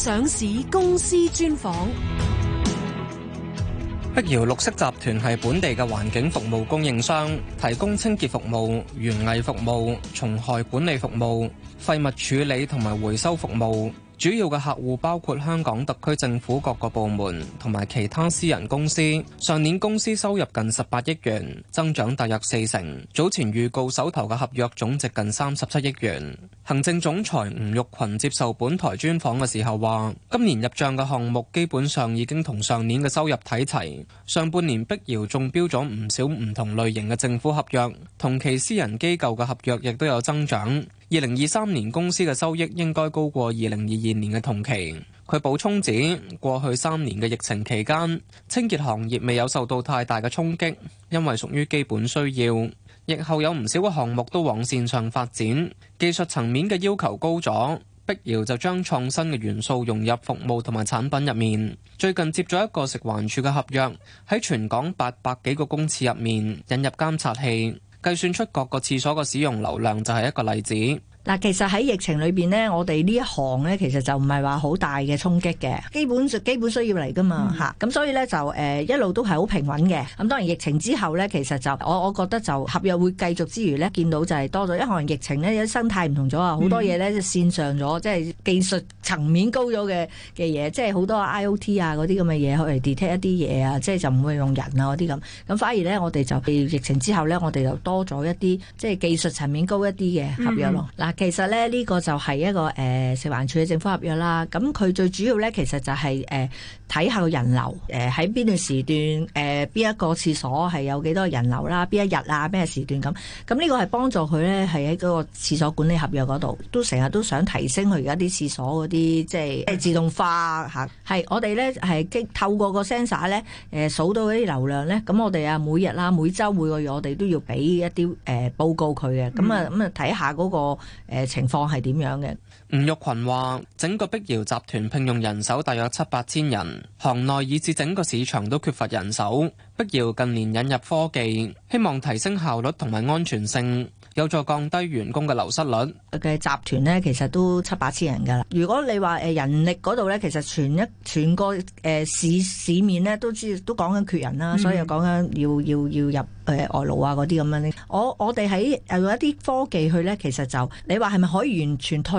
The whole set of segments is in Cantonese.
上市公司專訪。碧瑤綠色集團係本地嘅環境服務供應商，提供清潔服務、園藝服務、蟲害管理服務、廢物處理同埋回收服務。主要嘅客戶包括香港特區政府各個部門同埋其他私人公司。上年公司收入近十八億元，增長大約四成。早前預告手頭嘅合約總值近三十七億元。行政總裁吳玉群接受本台專訪嘅時候話，今年入賬嘅項目基本上已經同上年嘅收入睇齊。上半年碧瑤中標咗唔少唔同類型嘅政府合約，同期私人機構嘅合約亦都有增長。二零二三年公司嘅收益應該高過二零二二年嘅同期。佢補充指，過去三年嘅疫情期間，清潔行業未有受到太大嘅衝擊，因為屬於基本需要。疫後有唔少嘅項目都往綫上發展，技術層面嘅要求高咗。碧瑤就將創新嘅元素融入服務同埋產品入面。最近接咗一個食環署嘅合約，喺全港八百幾個公廁入面引入監察器。計算出各個廁所嘅使用流量就係一個例子。嗱，其實喺疫情裏邊咧，我哋呢一行咧，其實就唔係話好大嘅衝擊嘅，基本就基本需要嚟㗎嘛嚇。咁、嗯、所以咧就誒、呃、一路都係好平穩嘅。咁當然疫情之後咧，其實就我我覺得就合約會繼續之餘咧，見到就係多咗一行。疫情咧啲生態唔同咗啊，好多嘢咧、嗯、就線上咗，即係技術層面高咗嘅嘅嘢，即係好多 IOT 啊嗰啲咁嘅嘢可去 detect 一啲嘢啊，即係就唔會用人啊嗰啲咁。咁反而咧我哋就疫情之後咧，我哋就多咗一啲即係技術層面高一啲嘅合約咯。嗱、嗯。其實咧呢、呢個就係一個誒、呃、食環署嘅政府合約啦，咁佢最主要咧其實就係誒睇下個人流，誒喺邊段時段，誒、呃、邊一個廁所係有幾多人流啦，邊一日啊咩時段咁，咁呢個係幫助佢咧係喺嗰個廁所管理合約嗰度，都成日都想提升佢而家啲廁所嗰啲即係誒自動化吓，係、嗯、我哋咧係經透過個 sensor 咧，誒、呃、數到嗰啲流量咧，咁我哋啊每日啦每週每個月我哋都要俾一啲誒、呃、報告佢嘅，咁啊咁啊睇下嗰個。呃、情況係點樣嘅？吳玉群話：整個碧瑤集團聘用人手大約七八千人，行內以至整個市場都缺乏人手。碧瑤近年引入科技，希望提升效率同埋安全性，有助降低員工嘅流失率。嘅集團呢，其實都七八千人㗎啦。如果你話呃、人力嗰度呢，其實全一全個、呃、市市面呢都知都講緊缺人啦，嗯、所以講緊要要要入。外勞啊，嗰啲咁樣我我哋喺用一啲科技去呢，其實就你話係咪可以完全替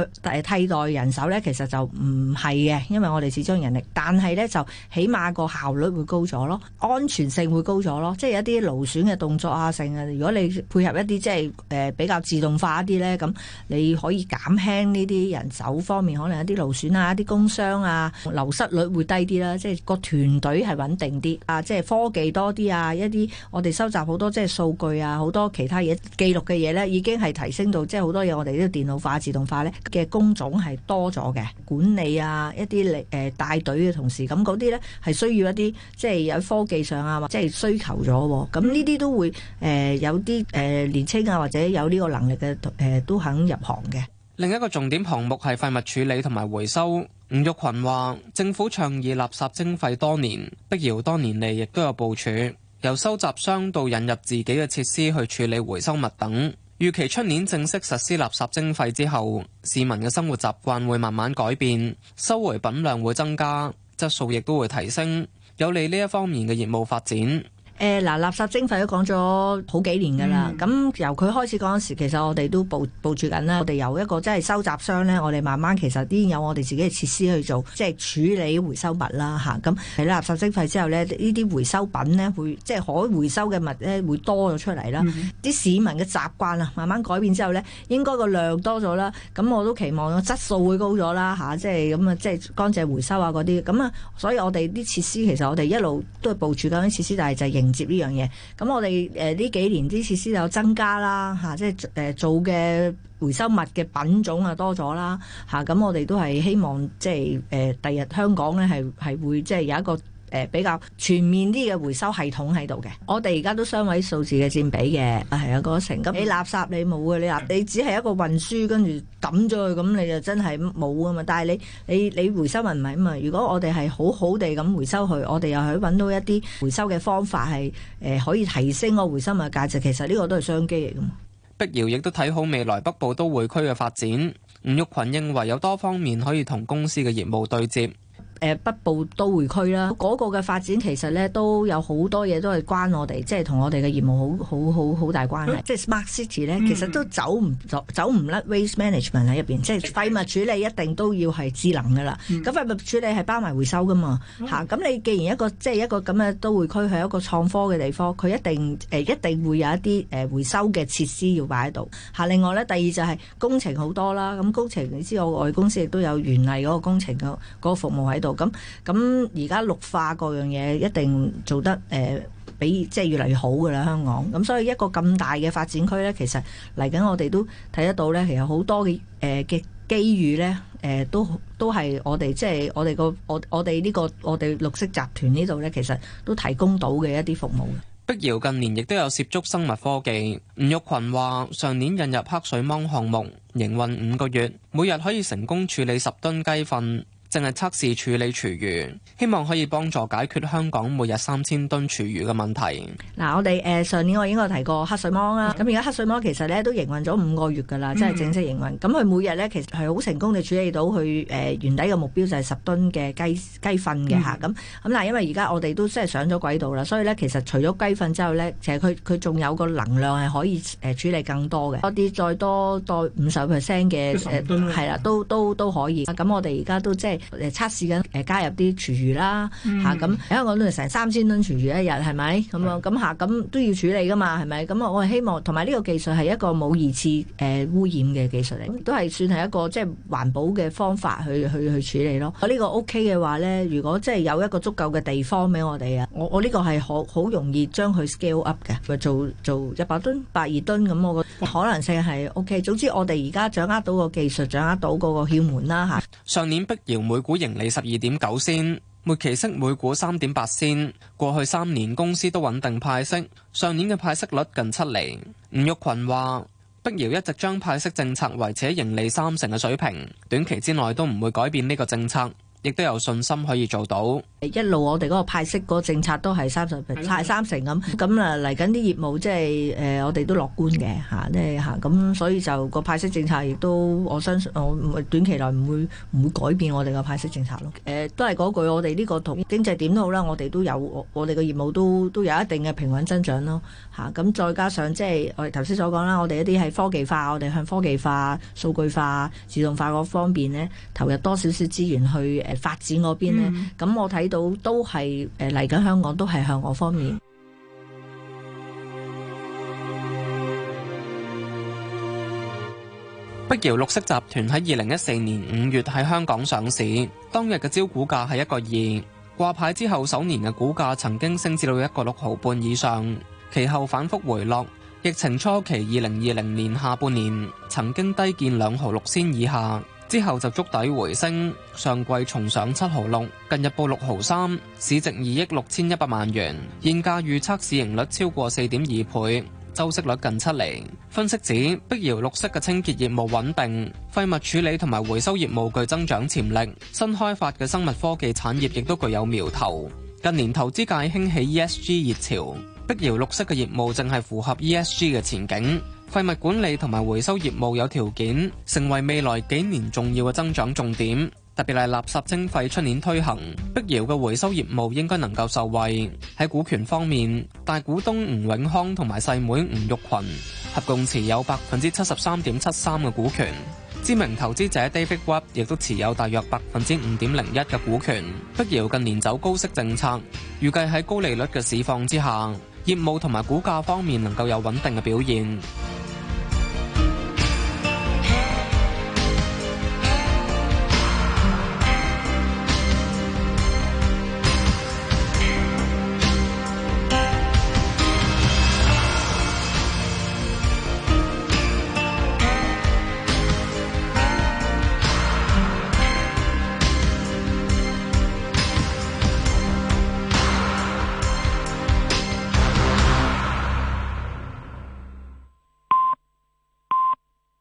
代人手呢？其實就唔係嘅，因為我哋始終人力，但係呢，就起碼個效率會高咗咯，安全性會高咗咯，即係一啲勞損嘅動作啊，成啊，如果你配合一啲即係、呃、比較自動化一啲呢，咁你可以減輕呢啲人手方面可能一啲勞損啊、一啲工傷啊，流失率會低啲啦，即係個團隊係穩定啲啊，即係、啊、科技多啲啊，一啲我哋收集好。多即係數據啊，好多其他嘢記錄嘅嘢呢已經係提升到即係好多嘢，我哋呢啲電腦化、自動化呢嘅工種係多咗嘅管理啊，一啲嚟誒帶隊嘅同事咁嗰啲呢係需要一啲即係有科技上啊，或即係需求咗咁呢啲都會誒有啲誒年青啊或者有呢個能力嘅誒、呃、都肯入行嘅。另一個重點項目係廢物處理同埋回收。吳玉群話：政府倡議垃圾徵費多年，碧瑤多年嚟亦都有部署。由收集商到引入自己嘅設施去處理回收物等，預期出年正式實施垃圾徵費之後，市民嘅生活習慣會慢慢改變，收回品量會增加，質素亦都會提升，有利呢一方面嘅業務發展。誒嗱、欸，垃圾徵費都講咗好幾年㗎啦。咁、嗯、由佢開始嗰陣時，其實我哋都部部署緊啦。我哋由一個即係收集商咧，我哋慢慢其實已經有我哋自己嘅設施去做，即係處理回收物啦，嚇、啊。咁喺垃圾徵費之後呢，呢啲回收品咧會即係可回收嘅物咧會多咗出嚟啦。啲、嗯嗯、市民嘅習慣啊，慢慢改變之後咧，應該個量多咗啦。咁我都期望咯，質素會高咗啦，吓，即係咁啊，即係乾淨回收啊嗰啲。咁啊，所以我哋啲設施其實我哋一路都係部署緊啲設施，但係就仍、是。接呢樣嘢，咁我哋誒呢幾年啲設施有增加啦，吓、啊、即係誒做嘅回收物嘅品種多啊多咗啦，吓，咁我哋都係希望即係誒第日香港咧係係會即係有一個。誒比較全面啲嘅回收系統喺度嘅，我哋而家都雙位數字嘅佔比嘅，係啊，個、那個、成。咁你垃圾你冇嘅，你垃你只係一個運輸，跟住抌咗去，咁你就真係冇啊嘛。但係你你你回收物唔係啊嘛。如果我哋係好好地咁回收佢，我哋又去揾到一啲回收嘅方法係誒、呃、可以提升個回收物價值。其實呢個都係商機嚟嘅。碧瑤亦都睇好未來北部都會區嘅發展。吳玉群認為有多方面可以同公司嘅業務對接。誒，北部都會區啦，嗰、那個嘅發展其實咧都有好多嘢都係關我哋，即係同我哋嘅業務好好好好大關係。即係 Smart City 咧，嗯、其實都走唔走走唔甩 Waste Management 喺入邊，即係廢物處理一定都要係智能噶啦。咁廢、嗯、物處理係包埋回收噶嘛，吓咁、嗯、你既然一個即係、就是、一個咁嘅都會區，係一個創科嘅地方，佢一定誒、呃、一定會有一啲誒回收嘅設施要擺喺度。吓，另外咧，第二就係工程好多啦。咁工程你知我哋公司亦都有園藝嗰個工程嗰、那個服務喺度。咁咁而家綠化嗰樣嘢一定做得誒，比、呃、即係越嚟越好噶啦，香港。咁所以一個咁大嘅發展區呢，其實嚟緊我哋都睇得到呢，其實好多嘅誒嘅機遇呢，誒、呃、都都係我哋即係我哋個我我哋呢、呢個我哋綠色集團呢度呢，其實都提供到嘅一啲服務。碧瑤近年亦都有涉足生物科技。吳玉群話：上年引入黑水虻項目，營運五個月，每日可以成功處理十噸雞糞。淨係測試處理廚餘，希望可以幫助解決香港每日三千噸廚餘嘅問題。嗱、啊，我哋誒、呃、上年我應該提過黑水虻啦，咁而家黑水虻其實咧都營運咗五個月㗎啦，即係正式營運。咁佢、嗯、每日咧其實係好成功地處理到佢誒、呃、原底嘅目標就係十噸嘅雞雞糞嘅嚇。咁咁嗱，因為而家我哋都即係上咗軌道啦，所以咧其實除咗雞糞之後咧，其實佢佢仲有個能量係可以誒、呃、處理更多嘅多啲再多多五十 percent 嘅誒係啦，都都都可以。咁我哋而家都即係。誒測試緊。加入啲廚餘啦嚇咁、嗯啊，因為我嗰度成三千噸廚餘一日係咪咁啊？咁嚇咁都要處理噶嘛係咪？咁我我希望同埋呢個技術係一個冇二次、呃、污染嘅技術嚟，都係算係一個即係環保嘅方法去去去處理咯。我呢個 OK 嘅話咧，如果即係有一個足夠嘅地方俾我哋啊，我我呢個係好好容易將佢 scale up 嘅，做做一百噸、百二噸咁，我個可能性係 OK。總之我哋而家掌握到個技術，掌握到嗰個竅門啦、啊、上年碧瑤每股盈利十二點九仙，末期息每股三點八仙。過去三年公司都穩定派息，上年嘅派息率近七厘。吳玉群話：碧瑤一直將派息政策維持喺盈利三成嘅水平，短期之內都唔會改變呢個政策。亦都有信心可以做到。一路我哋嗰個派息個政策都係三十的派三成咁，咁啊嚟緊啲業務即係誒，我哋都樂觀嘅吓，即係吓咁，所以就個派息政策亦都我相信，我短期內唔會唔會改變我哋個派息政策咯。誒、啊，都係嗰句，我哋呢、這個同經濟點都好啦，我哋都有我哋個業務都都有一定嘅平穩增長咯。吓、啊，咁、啊、再加上即係我哋頭先所講啦，我哋一啲係科技化，我哋向科技化、數據化、自動化嗰方面咧，投入多少少資源去。發展嗰邊呢，咁、嗯、我睇到都係誒嚟緊香港都係向我方面。碧瑤、嗯、綠色集團喺二零一四年五月喺香港上市，當日嘅招股價係一個二，掛牌之後首年嘅股價曾經升至到一個六毫半以上，其後反復回落。疫情初期二零二零年下半年，曾經低見兩毫六仙以下。之後就觸底回升，上季重上七毫六，近日報六毫三，市值二億六千一百萬元，現價預測市盈率超過四點二倍，周息率近七厘。分析指碧瑤綠色嘅清潔業務穩定，廢物處理同埋回收業務具增長潛力，新開發嘅生物科技產業亦都具有苗頭。近年投資界興起 ESG 熱潮，碧瑤綠色嘅業務正係符合 ESG 嘅前景。廢物管理同埋回收業務有條件成為未來幾年重要嘅增長重點，特別係垃圾徵費出年推行，碧瑤嘅回收業務應該能夠受惠。喺股權方面，大股東吳永康同埋細妹吳玉群合共持有百分之七十三點七三嘅股權。知名投資者 David Webb 亦都持有大約百分之五點零一嘅股權。碧瑤近年走高息政策，預計喺高利率嘅市況之下，業務同埋股價方面能夠有穩定嘅表現。